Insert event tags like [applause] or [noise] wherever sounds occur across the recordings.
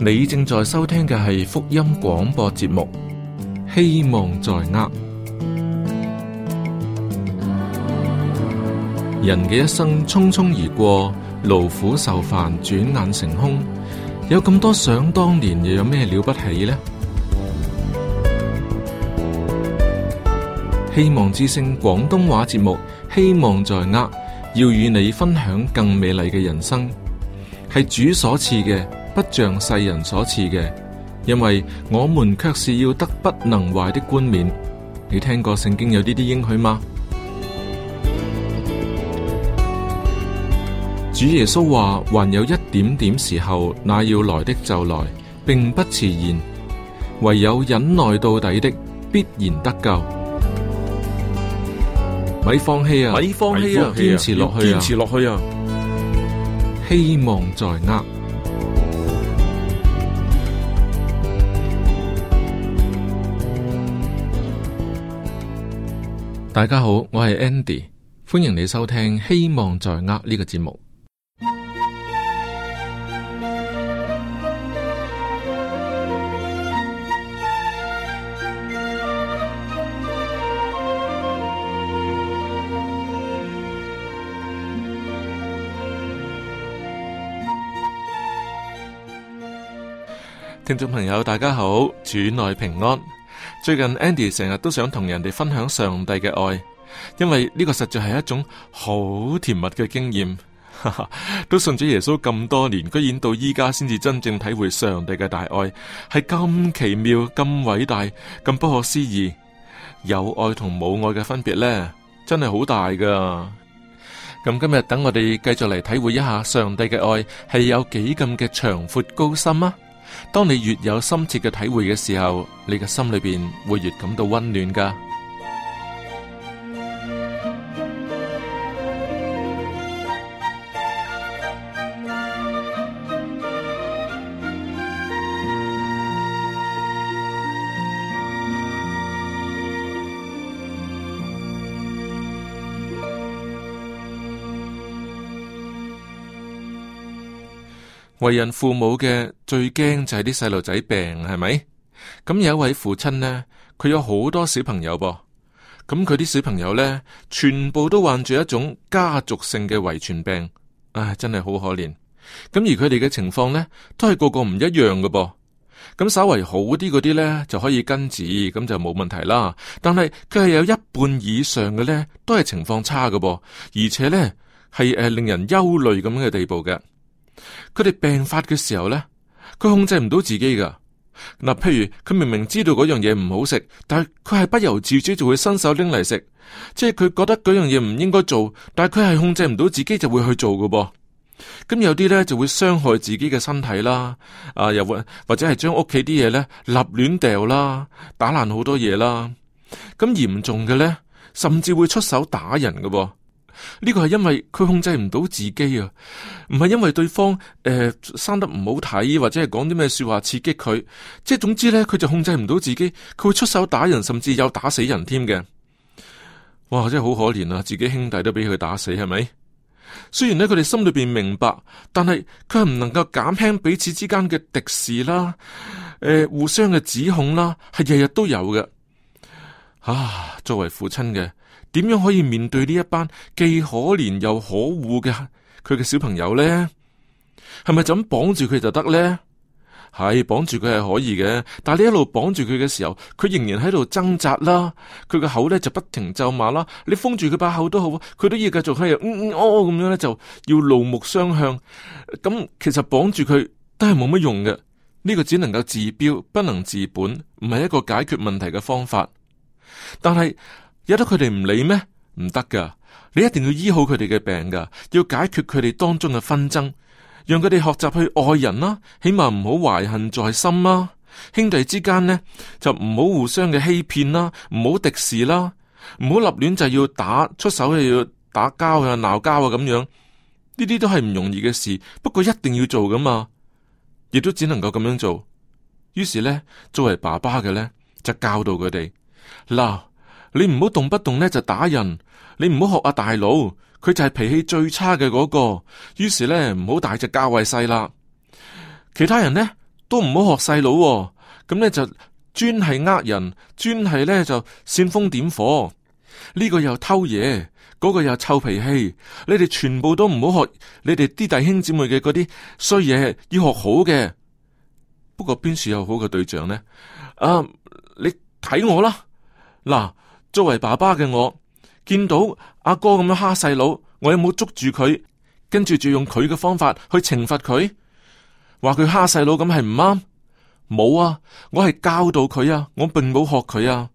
你正在收聽嘅係福音廣播節目，希望在握。人嘅一生匆匆而過，勞苦愁煩，轉眼成空。有咁多想當年，又有咩了不起呢？希望之聲廣東話節目，希望在握，要與你分享更美麗嘅人生，係主所賜嘅。不像世人所賜嘅，因為我們卻是要得不能壞的冠冕。你聽過聖經有呢啲應許嗎？ [noise] 主耶穌話：還有一點點時候，那要來的就來，並不遲延。唯有忍耐到底的，必然得救。咪放棄啊！咪放棄啊！堅、啊、持落、啊啊、去啊！堅持落去啊！希望在握。大家好，我係 Andy，歡迎你收聽《希望在握》呢個節目。聽眾朋友，大家好，主內平安。最近 Andy 成日都想同人哋分享上帝嘅愛，因為呢個實在係一種好甜蜜嘅經驗。都信咗耶穌咁多年，居然到依家先至真正體會上帝嘅大愛，係咁奇妙、咁偉大、咁不可思議。有愛同冇愛嘅分別呢，真係好大噶。咁今日等我哋繼續嚟體會一下上帝嘅愛係有幾咁嘅長闊高深啊！當你越有深切嘅體會嘅時候，你嘅心裏邊會越感到溫暖噶。為人父母嘅最驚就係啲細路仔病係咪？咁有一位父親呢，佢有好多小朋友噃，咁佢啲小朋友呢，全部都患住一種家族性嘅遺傳病，唉，真係好可憐。咁而佢哋嘅情況呢，都係個個唔一樣嘅噃。咁稍微好啲嗰啲呢，就可以根治，咁就冇問題啦。但係佢係有一半以上嘅呢，都係情況差嘅噃，而且呢，係誒、呃、令人憂慮咁嘅地步嘅。佢哋病發嘅時候咧，佢控制唔到自己噶。嗱，譬如佢明明知道嗰樣嘢唔好食，但係佢係不由自主就會伸手拎嚟食。即係佢覺得嗰樣嘢唔應該做，但係佢係控制唔到自己就會去做噃，咁有啲咧就會傷害自己嘅身體啦。啊，又或或者係將屋企啲嘢咧立亂掉啦，打爛好多嘢啦。咁嚴重嘅咧，甚至會出手打人噃。呢個係因為佢控制唔到自己啊，唔係因為對方誒、呃、生得唔好睇，或者係講啲咩說話刺激佢，即係總之咧，佢就控制唔到自己，佢會出手打人，甚至有打死人添嘅。哇，真係好可憐啊！自己兄弟都俾佢打死，係咪？雖然呢，佢哋心裏邊明白，但係佢係唔能夠減輕彼此之間嘅敵視啦，誒、呃，互相嘅指控啦，係日日都有嘅。啊，作為父親嘅。點樣可以面對呢一班既可憐又可惡嘅佢嘅小朋友咧？係咪就咁綁住佢就得咧？係綁住佢係可以嘅，但係你一路綁住佢嘅時候，佢仍然喺度掙扎啦。佢嘅口咧就不停咒罵啦。你封住佢把口都好，佢都要繼續開啊，嗯哦咁、哦、樣咧，就要怒目相向。咁、嗯、其實綁住佢都係冇乜用嘅。呢、呢個只能夠治標，不能治本，唔係一個解決問題嘅方法。但係，有得佢哋唔理咩？唔得噶，你一定要醫好佢哋嘅病噶，要解決佢哋當中嘅紛爭，讓佢哋學習去愛人啦，起碼唔好懷恨在心啦。兄弟之間呢，就唔好互相嘅欺騙啦，唔好敵視啦，唔好立亂就要打出手，又要打交啊、鬧交啊咁樣。呢啲都係唔容易嘅事，不過一定要做噶嘛，亦都只能夠咁樣做。於是呢，作為爸爸嘅呢，就教導佢哋嗱。你唔好動不動咧就打人，你唔好學阿大佬，佢就係脾氣最差嘅嗰個。於是咧，唔好大隻教壞細啦，其他人呢，都唔好學細佬喎，咁咧就專係呃人，專係咧就煽風點火。呢個又偷嘢，嗰個又臭脾氣。你哋全部都唔好學，你哋啲弟兄姊妹嘅嗰啲衰嘢，要學好嘅。不過邊處有好嘅對象呢？啊，你睇我啦，嗱。作為爸爸嘅我，見到阿哥咁樣蝦細佬，我有冇捉住佢，跟住就用佢嘅方法去懲罰佢，話佢蝦細佬咁係唔啱？冇啊，我係教導佢啊，我並冇學佢啊。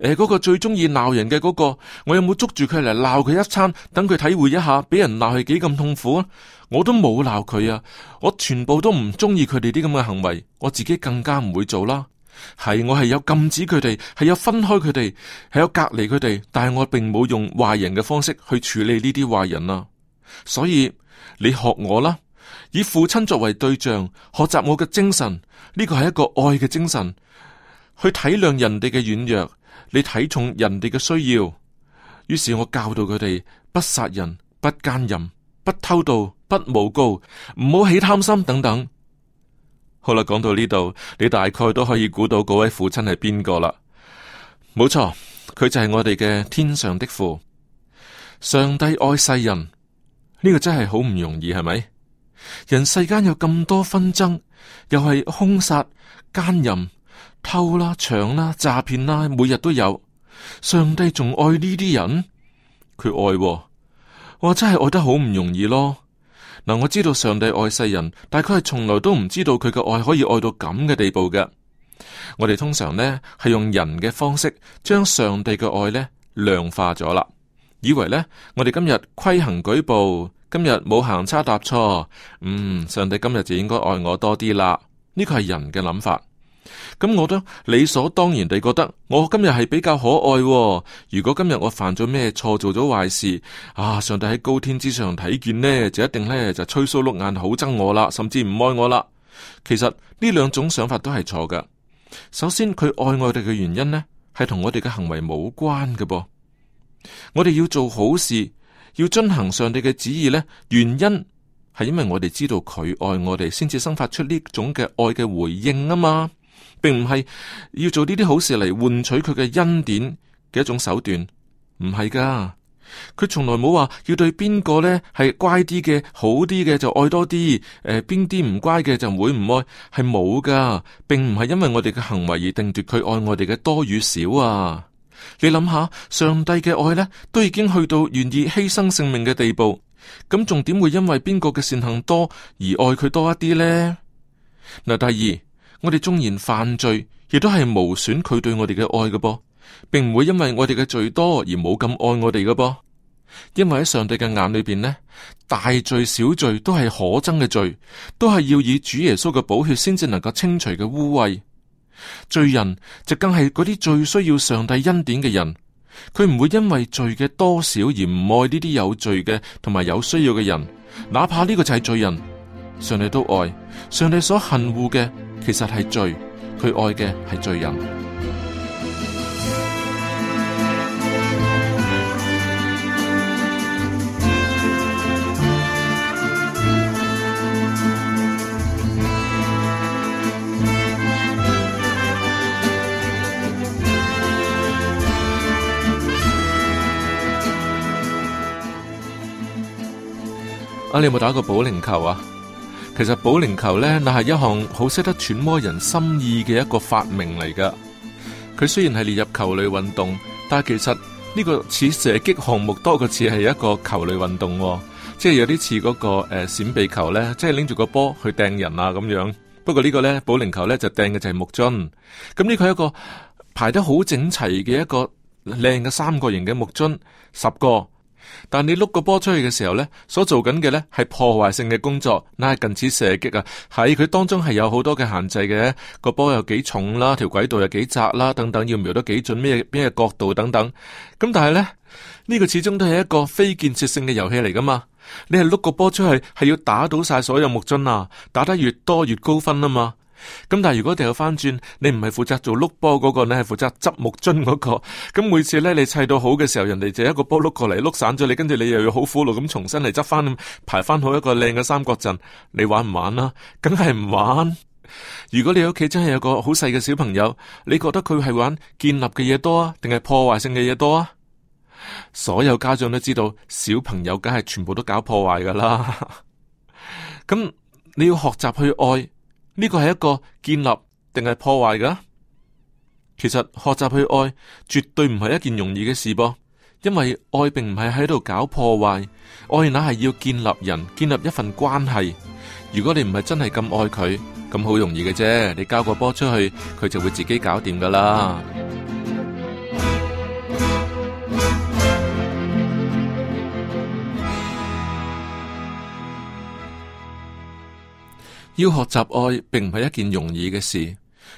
誒，嗰個最中意鬧人嘅嗰個，我有冇捉住佢嚟鬧佢一餐，等佢體會一下俾人鬧係幾咁痛苦？我都冇鬧佢啊，我全部都唔中意佢哋啲咁嘅行為，我自己更加唔會做啦。係我係有禁止佢哋，係有分開佢哋，係有隔離佢哋，但係我並冇用壞人嘅方式去處理呢啲壞人啊！所以你學我啦，以父親作為對象，學習我嘅精神，呢個係一個愛嘅精神，去體諒人哋嘅軟弱，你睇重人哋嘅需要。於是我教導佢哋不殺人、不奸淫、不偷盜、不誣告，唔好起貪心等等。好啦，講到呢度，你大概都可以估到嗰位父親係邊個啦。冇錯，佢就係我哋嘅天上的父。上帝愛世人，呢個真係好唔容易，係咪？人世間有咁多紛爭，又係凶殺、奸淫、偷啦、搶啦、詐騙啦，每日都有。上帝仲愛呢啲人，佢愛、哦，我真係愛得好唔容易咯。嗱，我知道上帝愛世人，但係佢係從來都唔知道佢嘅愛可以愛到咁嘅地步嘅。我哋通常呢係用人嘅方式，將上帝嘅愛呢量化咗啦，以為呢，我哋今日規行矩步，今日冇行差踏錯，嗯，上帝今日就應該愛我多啲啦。呢、呢個係人嘅諗法。咁我都理所當然地覺得我今日係比較可愛喎。如果今日我犯咗咩錯，做咗壞事啊，上帝喺高天之上睇見呢，就一定呢就吹須碌眼，好憎我啦，甚至唔愛我啦。其實呢兩種想法都係錯嘅。首先，佢愛我哋嘅原因呢係同我哋嘅行為冇關嘅噃。我哋要做好事，要遵行上帝嘅旨意呢，原因係因為我哋知道佢愛我哋，先至生發出呢種嘅愛嘅回應啊嘛。並唔係要做呢啲好事嚟換取佢嘅恩典嘅一種手段，唔係噶。佢從來冇話要對邊個呢係乖啲嘅、好啲嘅就愛多啲，誒邊啲唔乖嘅就唔會唔愛，係冇噶。並唔係因為我哋嘅行為而定奪佢愛我哋嘅多與少啊。你諗下，上帝嘅愛呢都已經去到願意犧牲性命嘅地步，咁仲點會因為邊個嘅善行多而愛佢多一啲呢？嗱，第二。我哋縱然犯罪，亦都係無損佢對我哋嘅愛嘅噃，並唔會因為我哋嘅罪多而冇咁愛我哋嘅噃。因為喺上帝嘅眼裏邊呢，大罪小罪都係可憎嘅罪，都係要以主耶穌嘅寶血先至能夠清除嘅污穢。罪人就更係嗰啲最需要上帝恩典嘅人，佢唔會因為罪嘅多少而唔愛呢啲有罪嘅同埋有需要嘅人，哪怕呢個就係罪人。上帝都愛，上帝所恨惡嘅其實係罪，佢愛嘅係罪人。啊，你有冇打過保齡球啊？其實保齡球咧，那係一項好識得揣摩人心意嘅一個發明嚟噶。佢雖然係列入球類運動，但係其實呢個似射擊項目多過似係一個球類運動，哦。即係有啲似嗰個誒閃避球咧，即係拎住個波去掟人啊咁樣。不過呢個咧保齡球咧就掟嘅就係木樽。咁呢佢係一個排得好整齊嘅一個靚嘅三角形嘅木樽，十個。但你碌個波出去嘅時候呢，所做緊嘅呢係破壞性嘅工作，那係近似射擊啊！喺佢當中係有好多嘅限制嘅，個波有幾重啦，條軌道有幾窄啦，等等要瞄得幾準咩咩角度等等。咁但係呢，呢，呢個始終都係一個非建設性嘅遊戲嚟㗎嘛。你係碌個波出去係要打倒晒所有木樽啊，打得越多越高分啊嘛！咁但係如果掉翻轉，你唔係負責做碌波嗰個，你係負責執木樽嗰個。咁每次咧，你砌到好嘅時候，人哋就一個波碌過嚟碌散咗你，跟住你又要好苦惱咁重新嚟執翻，咁排翻好一個靚嘅三角陣。你玩唔玩啊？梗係唔玩。如果你屋企真係有個好細嘅小朋友，你覺得佢係玩建立嘅嘢多啊，定係破壞性嘅嘢多啊？所有家長都知道，小朋友梗係全部都搞破壞噶啦。咁 [laughs] 你要學習去愛。呢個係一個建立，定係破壞噶？其實學習去愛絕對唔係一件容易嘅事噃，因為愛並唔係喺度搞破壞，愛硬係要建立人，建立一份關係。如果你唔係真係咁愛佢，咁好容易嘅啫，你交個波出去，佢就會自己搞掂噶啦。嗯要學習愛，並唔係一件容易嘅事。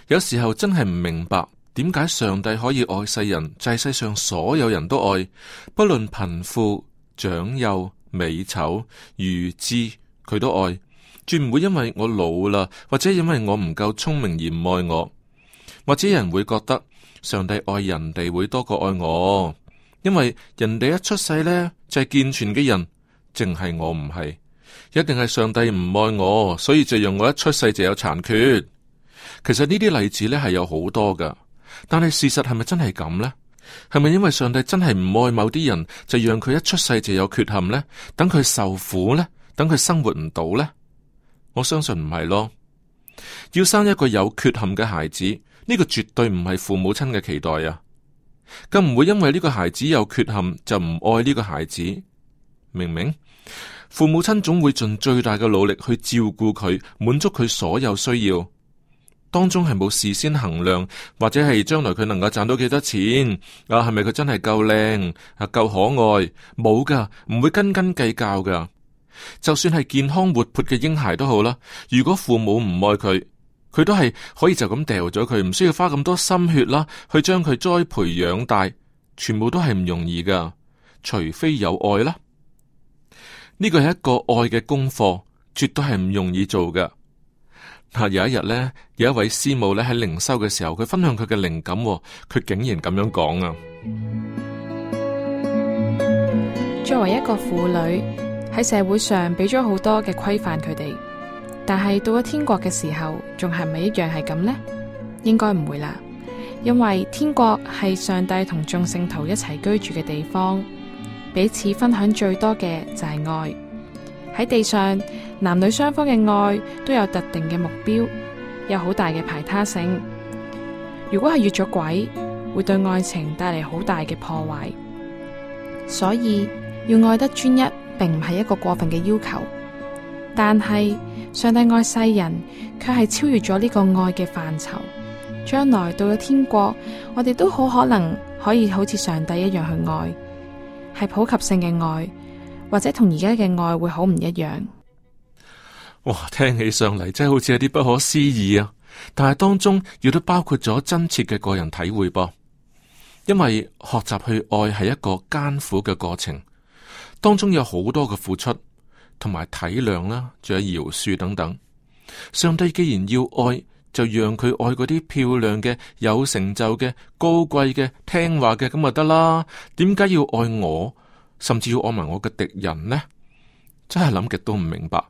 有時候真係唔明白，點解上帝可以愛世人，即係世上所有人都愛，不論貧富、長幼、美醜、愚智，佢都愛。絕唔會因為我老啦，或者因為我唔夠聰明而唔愛我。或者有人會覺得，上帝愛人哋會多過愛我，因為人哋一出世呢，就係健全嘅人，淨係我唔係。一定係上帝唔愛我，所以就讓我一出世就有殘缺。其實呢啲例子呢係有好多噶，但係事實係咪真係咁呢？係咪因為上帝真係唔愛某啲人，就讓佢一出世就有缺陷呢？等佢受苦呢？等佢生活唔到呢？我相信唔係咯。要生一個有缺陷嘅孩子，呢個絕對唔係父母親嘅期待啊！更唔會因為呢個孩子有缺陷就唔愛呢個孩子。明明。父母親總會盡最大嘅努力去照顧佢，滿足佢所有需要。當中係冇事先衡量，或者係將來佢能夠賺到幾多錢啊？係咪佢真係夠靚啊？夠可愛？冇㗎，唔會斤斤計較㗎。就算係健康活潑嘅嬰孩都好啦。如果父母唔愛佢，佢都係可以就咁掉咗佢，唔需要花咁多心血啦，去將佢栽培養大，全部都係唔容易㗎。除非有愛啦。呢個係一個愛嘅功課，絕對係唔容易做嘅。嗱，有一日呢，有一位師母咧喺靈修嘅時候，佢分享佢嘅靈感，佢竟然咁樣講啊！作為一個婦女，喺社會上俾咗好多嘅規範佢哋，但係到咗天國嘅時候，仲係咪一樣係咁呢？應該唔會啦，因為天國係上帝同眾聖徒一齊居住嘅地方。彼此分享最多嘅就係、是、愛。喺地上，男女雙方嘅愛都有特定嘅目標，有好大嘅排他性。如果係越咗軌，會對愛情帶嚟好大嘅破壞。所以要愛得專一，並唔係一個過分嘅要求。但係上帝愛世人，卻係超越咗呢個愛嘅範疇。將來到咗天國，我哋都好可能可以好似上帝一樣去愛。係普及性嘅愛，或者同而家嘅愛會好唔一樣。哇，聽起上嚟真係好似有啲不可思議啊！但係當中亦都包括咗真切嘅個人體會噃，因為學習去愛係一個艱苦嘅過程，當中有好多嘅付出同埋體諒啦，仲有饒恕等等。上帝既然要愛。就讓佢愛嗰啲漂亮嘅、有成就嘅、高貴嘅、聽話嘅咁就得啦。點解要愛我，甚至要愛埋我嘅敵人呢？真係諗極都唔明白。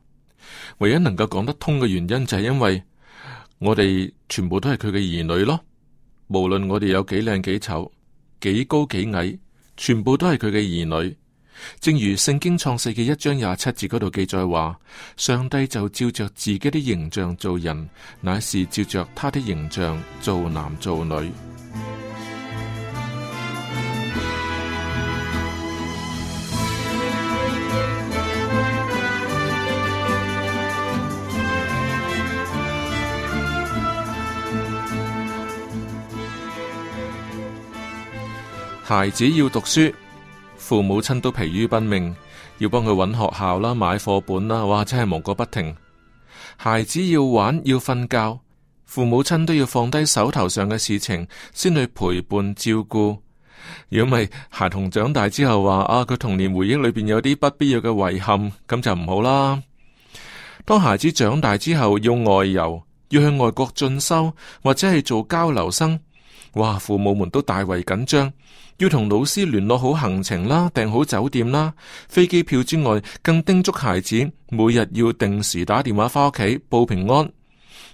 唯一能夠講得通嘅原因就係因為我哋全部都係佢嘅兒女咯。無論我哋有幾靚幾醜、幾高幾矮，全部都係佢嘅兒女。正如聖經創世記一章廿七節嗰度記載話，上帝就照着自己的形象造人，乃是照着他的形象造男造女。孩子要讀書。父母親都疲於奔命，要幫佢揾學校啦、買課本啦，哇！真係忙個不停。孩子要玩要瞓覺，父母親都要放低手頭上嘅事情，先去陪伴照顧。如果唔係，孩童長大之後話啊，佢童年回憶裏邊有啲不必要嘅遺憾，咁就唔好啦。當孩子長大之後要外遊，要去外國進修，或者係做交流生，哇！父母們都大為緊張。要同老師聯絡好行程啦，訂好酒店啦，飛機票之外，更叮囑孩子每日要定時打電話翻屋企報平安。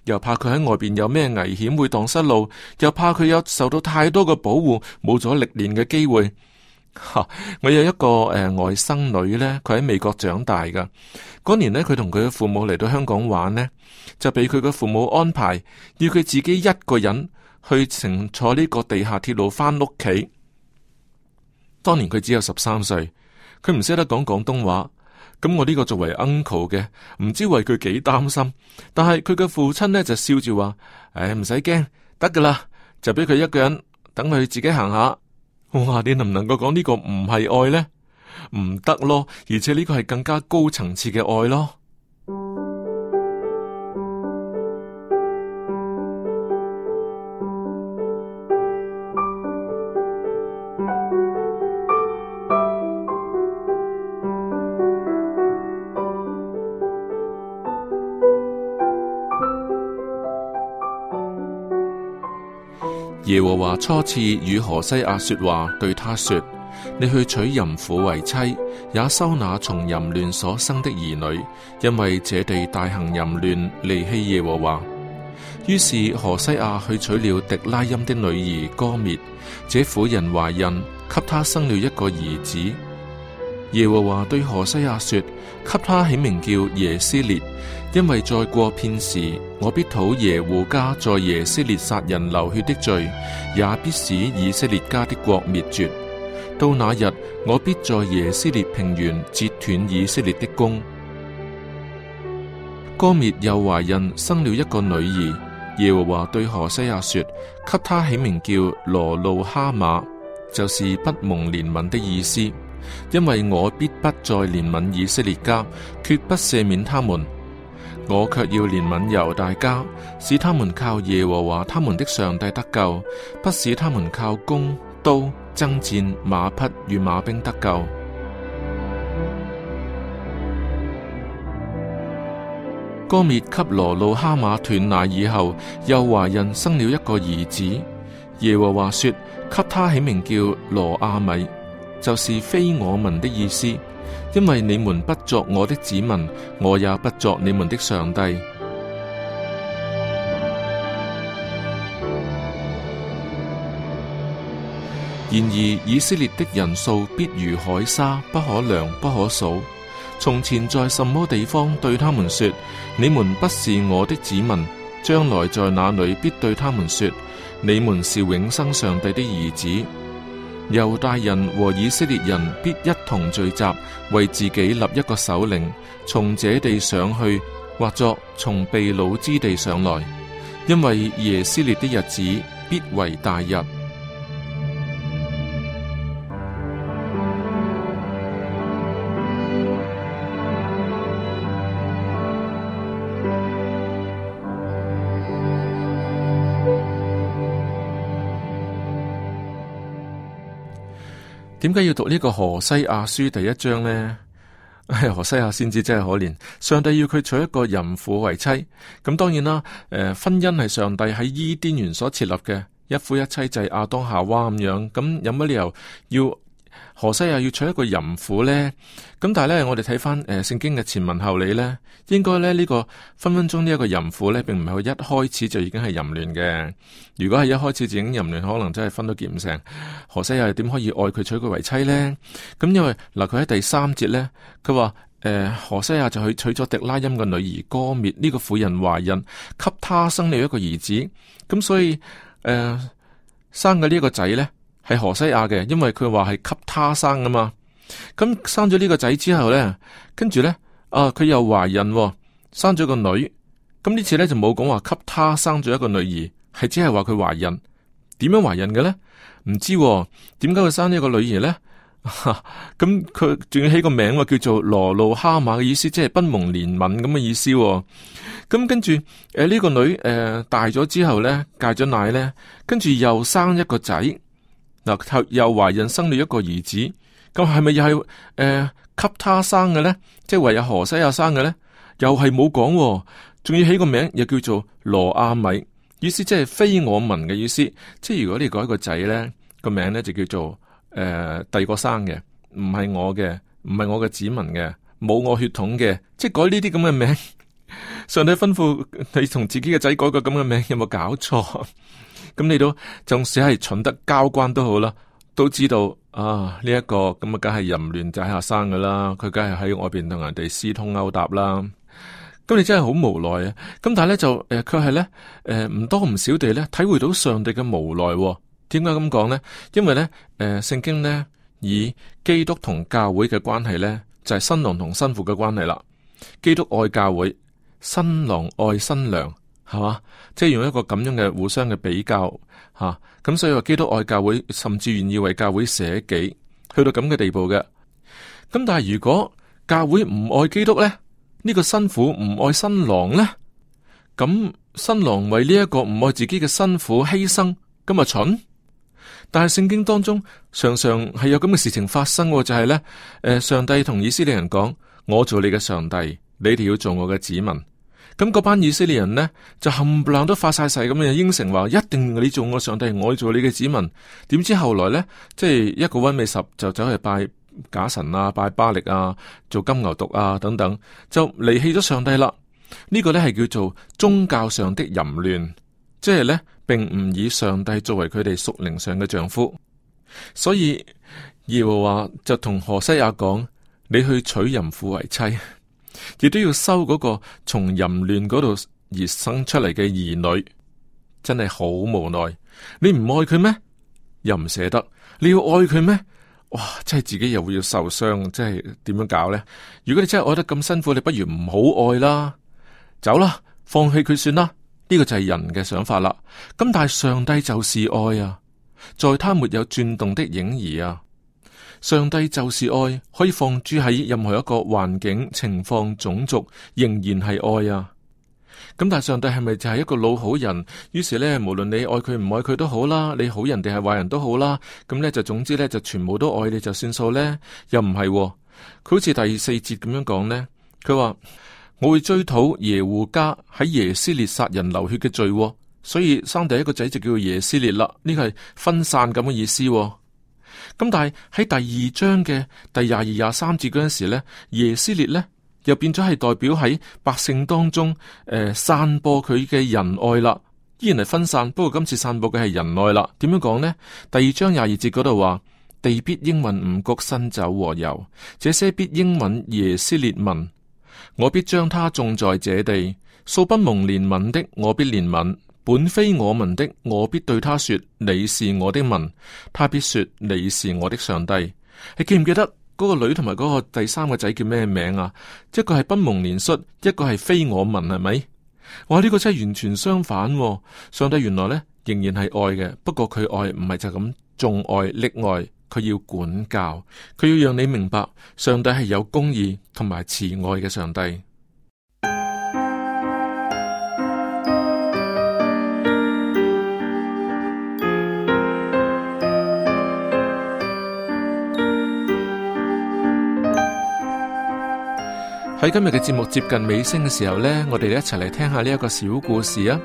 又怕佢喺外邊有咩危險會蕩失路，又怕佢有受到太多嘅保護，冇咗歷練嘅機會。哈！我有一個誒、呃、外甥女呢，佢喺美國長大噶。嗰年呢，佢同佢嘅父母嚟到香港玩呢，就俾佢嘅父母安排要佢自己一個人去乘坐呢個地下鐵路翻屋企。當年佢只有十三歲，佢唔識得講廣東話，咁我呢個作為 uncle 嘅，唔知為佢幾擔心。但係佢嘅父親咧就笑住話：誒、哎，唔使驚，得噶啦，就俾佢一個人等佢自己行下。我話你能唔能夠講呢個唔係愛呢？唔得咯，而且呢個係更加高層次嘅愛咯。耶和華初次與何西阿說話，對他說：你去娶淫婦為妻，也收那從淫亂所生的兒女，因為這地大行淫亂，離棄耶和華。於是何西阿去娶了狄拉音的女兒歌蔑，這婦人懷孕，給他生了一個兒子。耶和華對何西阿說：，給他起名叫耶斯列，因為再過片時，我必討耶戶家在耶斯列殺人流血的罪，也必使以色列家的國滅絕。到那日，我必在耶斯列平原截斷以色列的弓。歌篾又懷孕，生了一個女兒。耶和華對何西阿說：，給他起名叫羅路哈馬，就是不蒙憐憫的意思。因為我必不再憐憫以色列家，決不赦免他們。我卻要憐憫猶大家，使他們靠耶和華他們的上帝得救，不使他們靠弓刀爭戰馬匹與馬兵得救。 [music] 歌篾給羅路哈馬斷奶以後，又懷孕生了一個兒子。耶和華說：給他起名叫羅亞米。就是非我民的意思。因為你們不作我的子民，我也不作你們的上帝。然而以色列的人數必如海沙，不可量不可數。從前在什麼地方對他們說，你們不是我的子民，將來在哪裏必對他們說，你們是永生上帝的兒子。猶大人和以色列人必一同聚集，為自己立一個首領，從這地上去，或作從被擄之地上來，因為耶斯列的日子必為大日。點解要讀呢個何西亞書第一章呢？哎呀，何西亞先知真係可憐，上帝要佢娶一個淫婦為妻，咁當然啦。誒、呃，婚姻係上帝喺伊甸園所設立嘅一夫一妻制，亞當夏娃咁樣，咁有乜理由要？何西亞要娶一個淫婦呢？咁但係咧，我哋睇翻、誒聖經嘅前文後理呢，應該咧呢、呢個分分鐘呢一個淫婦呢，並唔係佢一開始就已經係淫亂嘅。如果係一開始就已經淫亂，可能真係分都結唔成。何西亞又點可以愛佢娶佢為妻呢？咁因為嗱，佢、呃、喺第三節呢，佢話誒何西亞就去娶咗狄拉音嘅女兒歌滅，呢個婦人懷孕，給她生了一個兒子、嗯呃、個兒子。咁所以誒生嘅呢一個仔呢。係何西亞嘅，因為佢話係給他生噶嘛。咁生咗呢個仔之後咧，跟住咧啊，佢又懷孕、哦，生咗個女。咁呢次咧就冇講話給他生咗一個女兒，係只係話佢懷孕。點樣懷孕嘅咧？唔知點解佢生咗呢個女兒咧？咁佢仲要起個名，叫做羅路哈馬嘅意思，即係不蒙憐憫咁嘅意思、哦。咁、嗯、跟住誒呢個女誒、啊、大咗之後咧，戒咗奶咧，跟住又生一個仔。又懷孕生了一個兒子，咁係咪又係誒，給、呃、他生嘅呢？即係唯有何西亞生嘅呢？又係冇講，仲要起個名，又叫做羅亞米，意思即係非我民嘅意思。即係如果你改一個仔呢，個名呢就叫做誒，第二個生嘅，唔係我嘅，唔係我嘅子民嘅，冇我血統嘅，即係改呢啲咁嘅名。上帝吩咐你同自己嘅仔改個咁嘅名，有冇搞錯？咁你都，縱使係蠢得交關都好啦，都知道啊呢一個咁啊，梗係淫亂就下生噶啦，佢梗係喺外邊同人哋私通勾搭啦。咁你真係好無奈啊！咁但係咧就，誒、呃，佢係咧，誒、呃，唔多唔少地咧，體會到上帝嘅無奈，啊。點解咁講咧？因為咧，誒、呃，聖經咧以基督同教會嘅關係咧，就係、是、新郎同新婦嘅關係啦。基督愛教會，新郎愛新娘。係嘛，即係用一個咁樣嘅互相嘅比較吓，咁、啊、所以話基督愛教會，甚至願意為教會捨己，去到咁嘅地步嘅。咁但係如果教會唔愛基督呢？呢、這個新婦唔愛新郎呢？咁新郎為呢一個唔愛自己嘅新婦犧牲，咁啊蠢。但係聖經當中常常係有咁嘅事情發生，就係、是、呢：呃「誒，上帝同以色列人講：我做你嘅上帝，你哋要做我嘅子民。咁嗰班以色列人呢，就冚唪唥都發晒誓咁樣應承話，一定你做我上帝，我做你嘅子民。點知後來呢，即係一個溫美十就走去拜假神啊，拜巴力啊，做金牛犢啊等等，就離棄咗上帝啦。呢個呢係叫做宗教上的淫亂，即係呢並唔以上帝作為佢哋屬靈上嘅丈夫。所以耶和華就同何西亞講，你去娶淫婦為妻。亦都要收嗰個從淫亂嗰度而生出嚟嘅兒女，真係好無奈。你唔愛佢咩？又唔捨得。你要愛佢咩？哇！真係自己又會要受傷，真係點樣搞咧？如果你真係愛得咁辛苦，你不如唔好愛啦，走啦，放棄佢算啦。呢個就係人嘅想法啦。咁但係上帝就是愛啊，在他沒有轉動的影兒啊。上帝就是愛，可以放諸喺任何一個環境、情況、種族，仍然係愛啊！咁但係上帝係咪就係一個老好人？於是呢，無論你愛佢唔愛佢都好啦，你好人定係壞人都好啦，咁、嗯、呢，就總之呢，就全部都愛你就算數呢，又唔係、哦？佢好似第四節咁樣講呢，佢話我會追討耶戶家喺耶斯列殺人流血嘅罪、哦，所以生第一個仔就叫做耶斯列啦。呢個係分散咁嘅意思、哦。咁但係喺第二章嘅第廿二廿三節嗰陣時咧，耶斯列咧又變咗係代表喺百姓當中誒、呃、散播佢嘅仁愛啦，依然係分散，不過今次散播嘅係仁愛啦。點樣講呢？第二章廿二節嗰度話： [music] 地必應允五谷新酒和油，這些必應允耶斯列民。」我必將他種在這地，素不蒙憐憫的，我必憐憫。本非我民的，我必對他說：你是我的民；他必說：你是我的上帝。你記唔記得嗰個女同埋嗰個第三個仔叫咩名啊？一個係不蒙憐恤，一個係非我民，係咪？哇呢個真係完全相反、哦。上帝原來呢，仍然係愛嘅，不過佢愛唔係就咁縱愛溺愛，佢要管教，佢要讓你明白，上帝係有公義同埋慈愛嘅上帝。喺今日嘅節目接近尾聲嘅時候呢，我哋一齊嚟聽下呢一個小故事啊。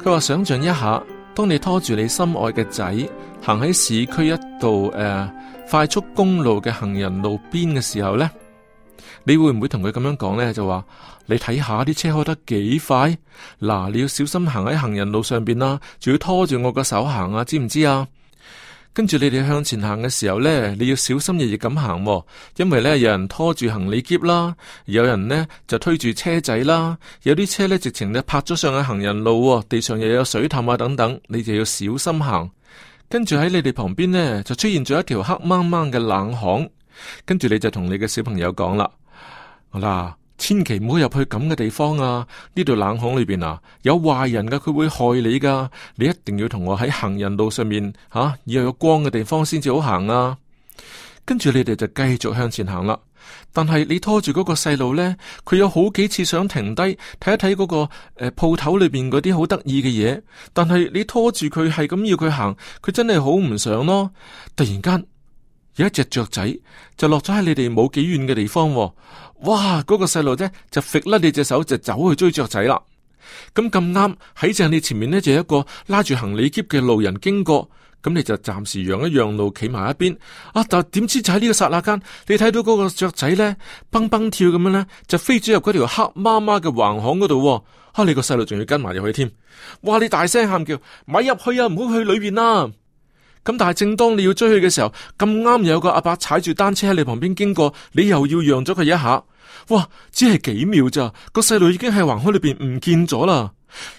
佢話想象一下，當你拖住你心愛嘅仔行喺市區一度誒、呃、快速公路嘅行人路邊嘅時候呢，你會唔會同佢咁樣講呢？就話你睇下啲車開得幾快嗱，你要小心行喺行人路上邊啦、啊，仲要拖住我個手行啊，知唔知啊？跟住你哋向前行嘅時候呢，你要小心翼翼咁行喎，因為呢，有人拖住行李篋啦，有人呢就推住車仔啦，有啲車呢直情呢泊咗上喺行人路，地上又有水凼啊等等，你就要小心行。跟住喺你哋旁邊呢，就出現咗一條黑掹掹嘅冷巷，跟住你就同你嘅小朋友講啦，好啦。千祈唔好入去咁嘅地方啊！呢度冷巷裏邊啊，有壞人噶，佢會害你噶。你一定要同我喺行人路上面吓，啊、要有光嘅地方先至好行啊！跟住你哋就繼續向前行啦。但係你拖住嗰個細路呢，佢有好幾次想停低睇一睇嗰、嗰個誒鋪頭裏邊嗰啲好得意嘅嘢，但係你拖住佢係咁要佢行，佢真係好唔想咯。突然間。有一隻雀仔就落咗喺你哋冇幾遠嘅地方，哦，哇！嗰，嗰個細路咧就甩甩你隻手就走去追雀仔啦。咁咁啱喺正你前面呢，就有一個拉住行李篋嘅路人經過，咁、嗯、你就暫時讓一讓路，企埋一邊。啊！但係點知就喺呢個剎那間，你睇到嗰個雀仔咧蹦蹦跳咁樣咧就飛咗入嗰條黑麻麻嘅橫巷嗰度。啊！你個細路仲要跟埋入去添。哇！你大聲喊叫，咪入去啊，唔好去裏邊啦。咁但係正當你要追佢嘅時候，咁啱有個阿伯踩住單車喺你旁邊經過，你又要讓咗佢一下。哇，只係幾秒咋，個細路已經喺橫海裏邊唔見咗啦。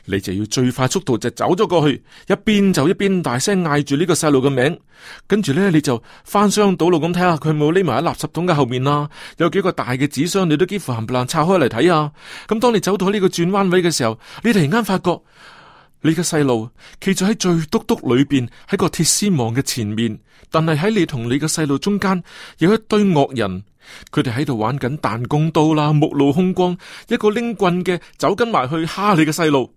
你就要最快速度就走咗過去，一邊走一邊大聲嗌住呢個細路嘅名。跟住呢，你就翻箱倒籠咁睇下佢有冇匿埋喺垃圾桶嘅後面啦，啊。有幾個大嘅紙箱，你都幾乎冚唪唥拆開嚟睇啊。咁當你走到呢個轉彎位嘅時候，你突然間發覺。你嘅細路企住喺最篤篤裏邊，喺個鐵絲網嘅前面，但係喺你同你嘅細路中間有一堆惡人，佢哋喺度玩緊彈弓刀啦，目露兇光，一個拎棍嘅走緊埋去吓你嘅細路。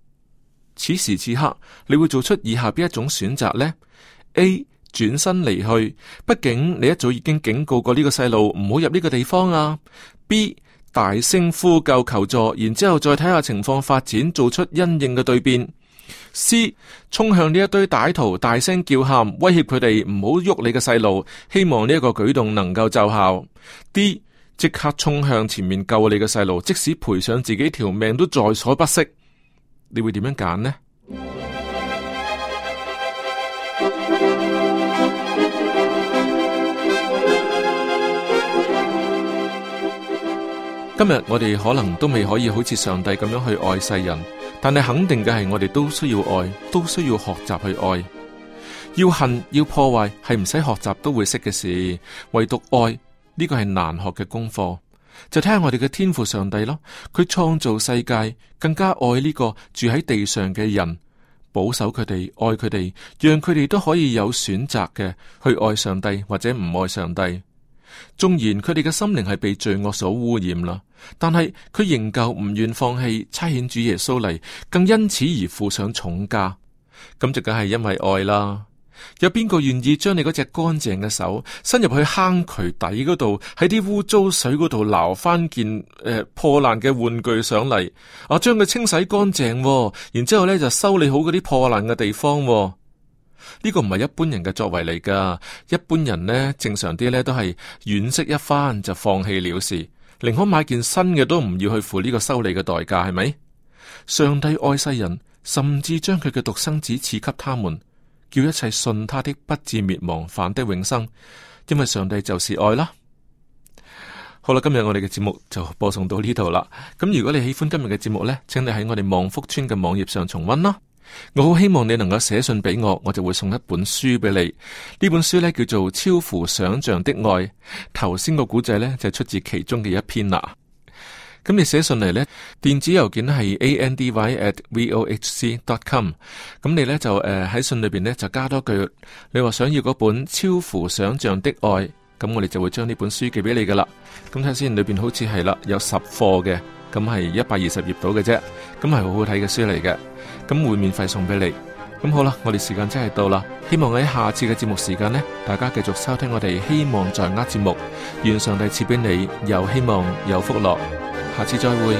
此時此刻，你會做出以下邊一種選擇呢？a 轉身離去，畢竟你一早已經警告過呢個細路唔好入呢個地方啊。B 大聲呼救求助，然之後再睇下情況發展，做出因應嘅對變。C 衝向呢一堆歹徒，大聲叫喊，威脅佢哋唔好喐你嘅細路，希望呢一個舉動能夠奏效。D 即刻衝向前面救你嘅細路，即使賠上自己條命都在所不惜。你會點樣揀呢？今日我哋可能都未可以好似上帝咁樣去愛世人。但係肯定嘅係，我哋都需要愛，都需要學習去愛。要恨、要破壞係唔使學習都會識嘅事，唯獨愛呢個係難學嘅功課。就睇下我哋嘅天父上帝咯，佢創造世界，更加愛呢個住喺地上嘅人，保守佢哋，愛佢哋，讓佢哋都可以有選擇嘅去愛上帝或者唔愛上帝。縱然佢哋嘅心靈係被罪惡所污染啦，但係佢仍舊唔願放棄差遣主耶穌嚟，更因此而負上重價，咁就梗係因為愛啦。有邊個願意將你嗰隻乾淨嘅手伸入去坑渠底嗰度，喺啲污糟水嗰度撈翻件誒、呃、破爛嘅玩具上嚟，啊將佢清洗乾淨、哦，然之後咧就修理好嗰啲破爛嘅地方、哦。呢個唔係一般人嘅作為嚟㗎，一般人呢，正常啲呢都係惋惜一番就放棄了事，寧可買件新嘅都唔要去付呢個修理嘅代價，係咪？上帝愛世人，甚至將佢嘅獨生子賜給他們，叫一切信他的不至滅亡，反得永生。因為上帝就是愛啦。好啦，今日我哋嘅節目就播送到呢度啦。咁如果你喜歡今日嘅節目呢，請你喺我哋望福村嘅網頁上重溫啦。我好希望你能夠寫信俾我，我就會送一本書俾你。呢本書呢叫做《超乎想象的愛》，頭先個古仔呢就出自其中嘅一篇啦。咁、嗯、你寫信嚟呢，電子郵件係 andy@vohc.com。咁、oh 嗯、你呢就誒喺、呃、信裏邊呢就加多句，你話想要嗰本《超乎想象的愛》，咁、嗯、我哋就會將呢本書寄俾你噶啦。咁睇先，裏邊好似係啦，有十課嘅，咁係一百二十頁到嘅啫，咁、嗯、係好好睇嘅書嚟嘅。咁會免費送俾你，咁好啦，我哋時間真係到啦，希望喺下次嘅節目時間呢，大家繼續收聽我哋希望在握節目，願上帝賜俾你有希望有福樂，下次再會。